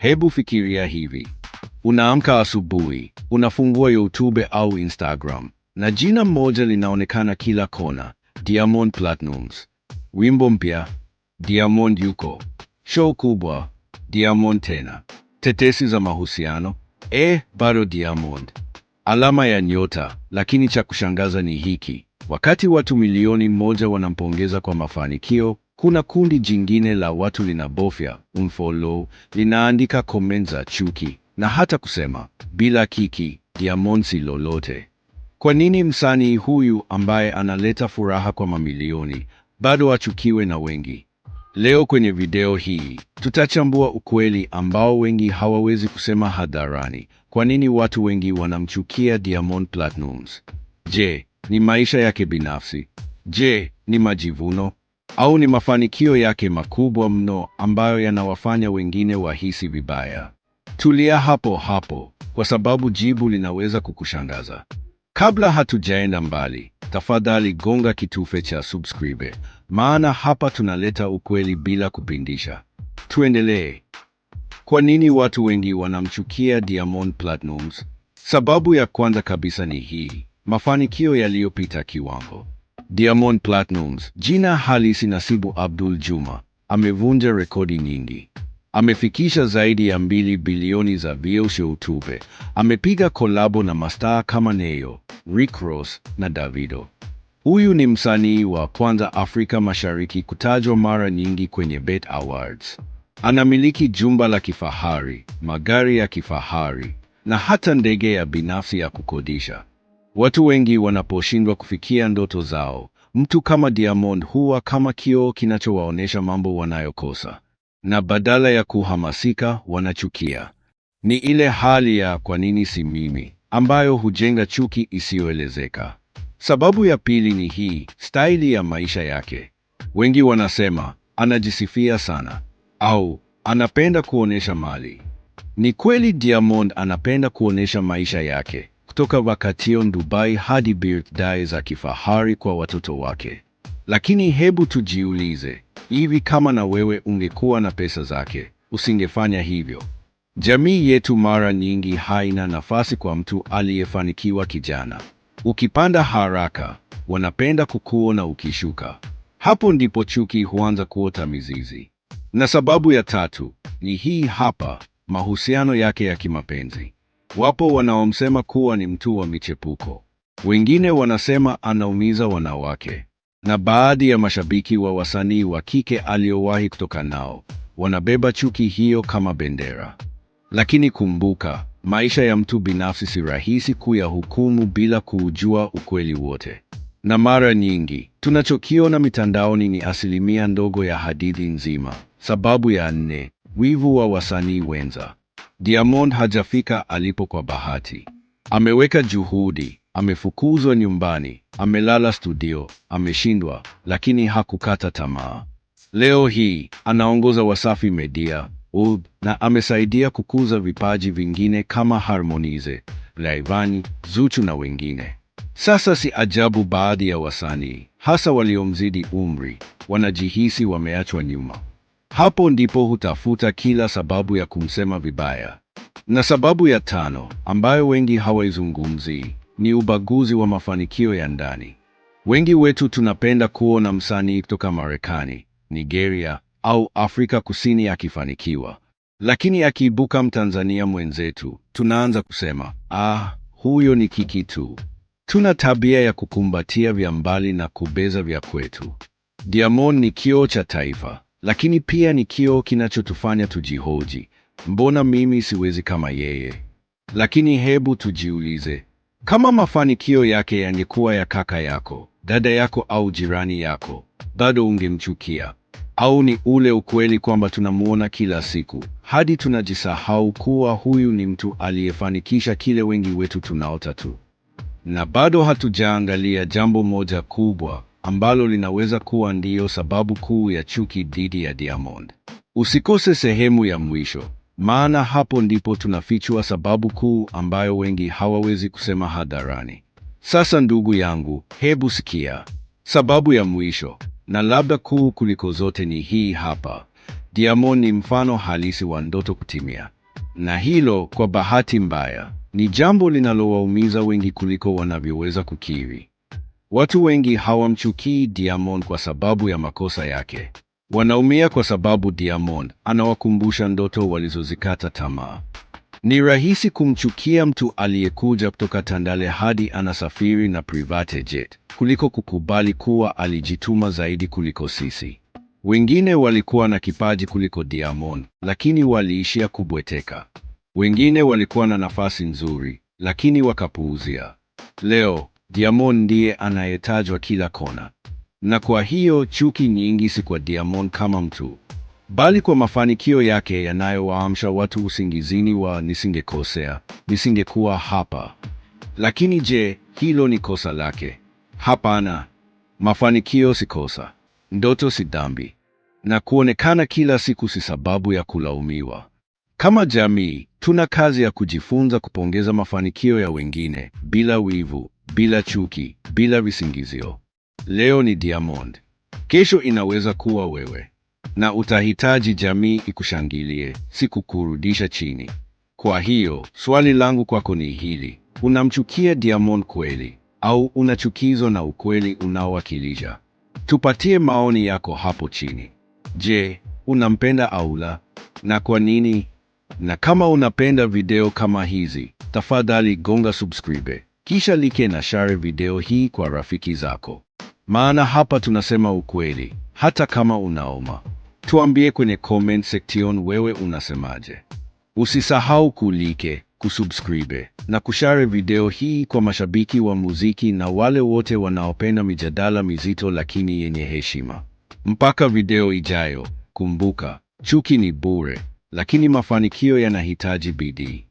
Hebu fikiria hivi: unaamka asubuhi, unafungua YouTube au Instagram na jina moja linaonekana kila kona, Diamond Platnumz, wimbo mpya, Diamond yuko, show kubwa, Diamond tena, tetesi za mahusiano, e, bado Diamond, alama ya nyota. Lakini cha kushangaza ni hiki: wakati watu milioni moja wanampongeza kwa mafanikio kuna kundi jingine la watu linabofya unfollow, linaandika comment za chuki na hata kusema bila kiki ya monsi lolote. Kwa nini msanii huyu ambaye analeta furaha kwa mamilioni bado achukiwe na wengi? Leo kwenye video hii tutachambua ukweli ambao wengi hawawezi kusema hadharani. Kwa nini watu wengi wanamchukia Diamond Platnumz? Je, ni maisha yake binafsi? Je, ni majivuno? au ni mafanikio yake makubwa mno ambayo yanawafanya wengine wahisi vibaya? Tulia hapo hapo, kwa sababu jibu linaweza kukushangaza. Kabla hatujaenda mbali, tafadhali gonga kitufe cha subscribe, maana hapa tunaleta ukweli bila kupindisha. Tuendelee. Kwa nini watu wengi wanamchukia Diamond Platnumz? Sababu ya kwanza kabisa ni hii: mafanikio yaliyopita kiwango. Diamond Platnumz, jina halisi Nasibu Abdul Juma, amevunja rekodi nyingi. Amefikisha zaidi ya mbili bilioni za views YouTube. Amepiga kolabo na mastaa kama Neyo, Rick Ross na Davido. Huyu ni msanii wa kwanza Afrika Mashariki kutajwa mara nyingi kwenye BET Awards. Anamiliki jumba la kifahari, magari ya kifahari na hata ndege ya binafsi ya kukodisha. Watu wengi wanaposhindwa kufikia ndoto zao, mtu kama Diamond huwa kama kioo kinachowaonyesha mambo wanayokosa, na badala ya kuhamasika wanachukia. Ni ile hali ya kwa nini si mimi ambayo hujenga chuki isiyoelezeka. Sababu ya pili ni hii, staili ya maisha yake. Wengi wanasema anajisifia sana au anapenda kuonyesha mali. Ni kweli Diamond anapenda kuonyesha maisha yake, kutoka vacation Dubai hadi birthday za kifahari kwa watoto wake. Lakini hebu tujiulize, hivi kama na wewe ungekuwa na pesa zake, usingefanya hivyo? Jamii yetu mara nyingi haina nafasi kwa mtu aliyefanikiwa kijana. Ukipanda haraka, wanapenda kukuona ukishuka. Hapo ndipo chuki huanza kuota mizizi. Na sababu ya tatu ni hii hapa, mahusiano yake ya kimapenzi. Wapo wanaomsema kuwa ni mtu wa michepuko, wengine wanasema anaumiza wanawake, na baadhi ya mashabiki wa wasanii wa kike aliowahi kutoka nao wanabeba chuki hiyo kama bendera. Lakini kumbuka, maisha ya mtu binafsi si rahisi kuyahukumu bila kuujua ukweli wote, na mara nyingi tunachokiona mitandaoni ni asilimia ndogo ya hadithi nzima. Sababu ya nne: wivu wa wasanii wenza. Diamond hajafika alipo kwa bahati. Ameweka juhudi, amefukuzwa nyumbani, amelala studio, ameshindwa, lakini hakukata tamaa. Leo hii anaongoza Wasafi Media UB, na amesaidia kukuza vipaji vingine kama Harmonize, laivani Zuchu na wengine. Sasa si ajabu baadhi ya wasanii hasa waliomzidi umri wanajihisi wameachwa nyuma. Hapo ndipo hutafuta kila sababu ya kumsema vibaya. Na sababu ya tano ambayo wengi hawaizungumzi ni ubaguzi wa mafanikio ya ndani. Wengi wetu tunapenda kuona msanii kutoka Marekani, Nigeria au Afrika Kusini akifanikiwa, lakini akiibuka Mtanzania mwenzetu tunaanza kusema ah, huyo ni kiki tu. Tuna tabia ya kukumbatia vya mbali na kubeza vya kwetu. Diamond ni kioo cha taifa, lakini pia ni kioo kinachotufanya tujihoji, mbona mimi siwezi kama yeye? Lakini hebu tujiulize, kama mafanikio yake yangekuwa ya kaka yako, dada yako au jirani yako, bado ungemchukia? Au ni ule ukweli kwamba tunamwona kila siku hadi tunajisahau kuwa huyu ni mtu aliyefanikisha kile wengi wetu tunaota tu? Na bado hatujaangalia jambo moja kubwa ambalo linaweza kuwa ndiyo sababu kuu ya chuki dhidi ya Diamond. Usikose sehemu ya mwisho, maana hapo ndipo tunafichua sababu kuu ambayo wengi hawawezi kusema hadharani. Sasa ndugu yangu, hebu sikia sababu ya mwisho, na labda kuu kuliko zote, ni hii hapa. Diamond ni mfano halisi wa ndoto kutimia, na hilo, kwa bahati mbaya, ni jambo linalowaumiza wengi kuliko wanavyoweza kukiri. Watu wengi hawamchukii Diamond kwa sababu ya makosa yake, wanaumia kwa sababu Diamond anawakumbusha ndoto walizozikata tamaa. Ni rahisi kumchukia mtu aliyekuja kutoka Tandale hadi anasafiri na private jet kuliko kukubali kuwa alijituma zaidi kuliko sisi. Wengine walikuwa na kipaji kuliko Diamond, lakini waliishia kubweteka. Wengine walikuwa na nafasi nzuri, lakini wakapuuzia. Leo Diamond ndiye anayetajwa kila kona, na kwa hiyo chuki nyingi si kwa Diamond kama mtu, bali kwa mafanikio yake yanayowaamsha watu usingizini wa nisingekosea, nisingekuwa hapa. Lakini je, hilo ni kosa lake? Hapana. Mafanikio si kosa, ndoto si dhambi, na kuonekana kila siku si sababu ya kulaumiwa. Kama jamii, tuna kazi ya kujifunza kupongeza mafanikio ya wengine bila wivu bila chuki, bila visingizio. Leo ni Diamond, kesho inaweza kuwa wewe, na utahitaji jamii ikushangilie, si kukurudisha chini. Kwa hiyo swali langu kwako ni hili: unamchukia Diamond kweli au unachukizwa na ukweli unaowakilisha? Tupatie maoni yako hapo chini. Je, unampenda au la, na kwa nini? Na kama unapenda video kama hizi, tafadhali gonga subscribe. Kisha like na share video hii kwa rafiki zako, maana hapa tunasema ukweli hata kama unauma. Tuambie kwenye comment section wewe unasemaje. Usisahau kulike, kusubscribe na kushare video hii kwa mashabiki wa muziki na wale wote wanaopenda mijadala mizito lakini yenye heshima. Mpaka video ijayo, kumbuka, chuki ni bure, lakini mafanikio yanahitaji bidii.